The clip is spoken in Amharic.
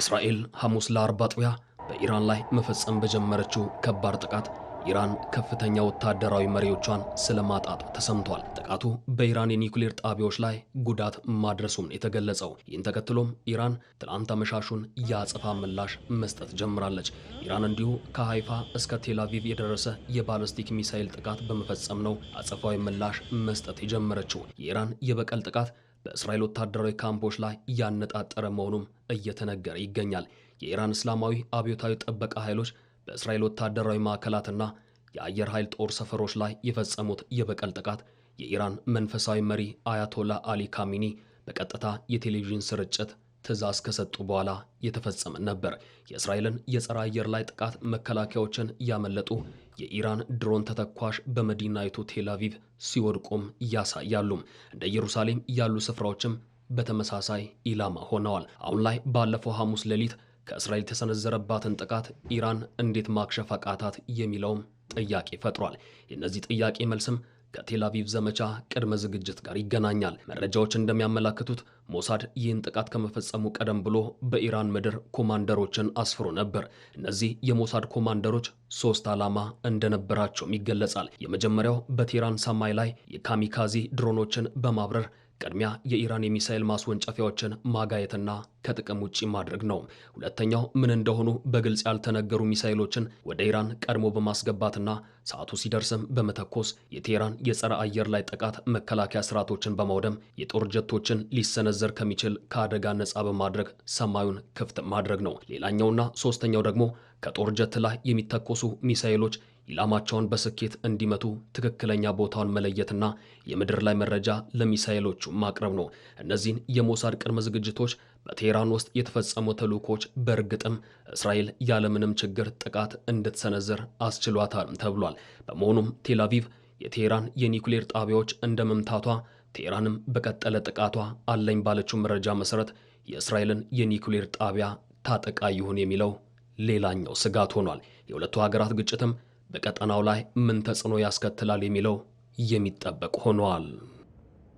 እስራኤል ሐሙስ ለአርብ አጥቢያ በኢራን ላይ መፈጸም በጀመረችው ከባድ ጥቃት ኢራን ከፍተኛ ወታደራዊ መሪዎቿን ስለማጣት ተሰምቷል። ጥቃቱ በኢራን የኒውክሌር ጣቢያዎች ላይ ጉዳት ማድረሱን የተገለጸው። ይህን ተከትሎም ኢራን ትላንት አመሻሹን የአጸፋ ምላሽ መስጠት ጀምራለች። ኢራን እንዲሁ ከሃይፋ እስከ ቴላቪቭ የደረሰ የባለስቲክ ሚሳይል ጥቃት በመፈጸም ነው አጸፋዊ ምላሽ መስጠት የጀመረችው። የኢራን የበቀል ጥቃት በእስራኤል ወታደራዊ ካምፖች ላይ እያነጣጠረ መሆኑም እየተነገረ ይገኛል። የኢራን እስላማዊ አብዮታዊ ጥበቃ ኃይሎች በእስራኤል ወታደራዊ ማዕከላትና የአየር ኃይል ጦር ሰፈሮች ላይ የፈጸሙት የበቀል ጥቃት የኢራን መንፈሳዊ መሪ አያቶላ አሊ ካሚኒ በቀጥታ የቴሌቪዥን ስርጭት ትእዛዝ ከሰጡ በኋላ የተፈጸመ ነበር። የእስራኤልን የጸረ አየር ላይ ጥቃት መከላከያዎችን እያመለጡ የኢራን ድሮን ተተኳሽ በመዲናይቱ ቴላቪቭ ሲወድቁም ያሳያሉ። እንደ ኢየሩሳሌም ያሉ ስፍራዎችም በተመሳሳይ ኢላማ ሆነዋል። አሁን ላይ ባለፈው ሐሙስ ሌሊት ከእስራኤል የተሰነዘረባትን ጥቃት ኢራን እንዴት ማክሸፍ አቃታት የሚለውም ጥያቄ ፈጥሯል። የእነዚህ ጥያቄ መልስም ከቴል አቪቭ ዘመቻ ቅድመ ዝግጅት ጋር ይገናኛል። መረጃዎች እንደሚያመላክቱት ሞሳድ ይህን ጥቃት ከመፈጸሙ ቀደም ብሎ በኢራን ምድር ኮማንደሮችን አስፍሮ ነበር። እነዚህ የሞሳድ ኮማንደሮች ሶስት ዓላማ እንደነበራቸውም ይገለጻል። የመጀመሪያው በቴህራን ሰማይ ላይ የካሚካዚ ድሮኖችን በማብረር ቅድሚያ የኢራን የሚሳኤል ማስወንጨፊያዎችን ማጋየትና ከጥቅም ውጭ ማድረግ ነው። ሁለተኛው ምን እንደሆኑ በግልጽ ያልተነገሩ ሚሳኤሎችን ወደ ኢራን ቀድሞ በማስገባትና ሰዓቱ ሲደርስም በመተኮስ የቴህራን የጸረ አየር ላይ ጥቃት መከላከያ ስርዓቶችን በማውደም የጦር ጀቶችን ሊሰነዘር ከሚችል ከአደጋ ነጻ በማድረግ ሰማዩን ክፍት ማድረግ ነው። ሌላኛውና ሶስተኛው ደግሞ ከጦር ጀት ላይ የሚተኮሱ ሚሳኤሎች ኢላማቸውን በስኬት እንዲመቱ ትክክለኛ ቦታውን መለየትና የምድር ላይ መረጃ ለሚሳይሎቹ ማቅረብ ነው። እነዚህን የሞሳድ ቅድመ ዝግጅቶች በቴህራን ውስጥ የተፈጸሙ ተልእኮች በእርግጥም እስራኤል ያለምንም ችግር ጥቃት እንድትሰነዝር አስችሏታል ተብሏል። በመሆኑም ቴላቪቭ አቪቭ የቴህራን የኒውክሌር ጣቢያዎች እንደ መምታቷ ቴህራንም በቀጠለ ጥቃቷ አለኝ ባለችው መረጃ መሰረት የእስራኤልን የኒውክሌር ጣቢያ ታጠቃ ይሁን የሚለው ሌላኛው ስጋት ሆኗል። የሁለቱ ሀገራት ግጭትም በቀጠናው ላይ ምን ተጽዕኖ ያስከትላል የሚለው የሚጠበቅ ሆኗል።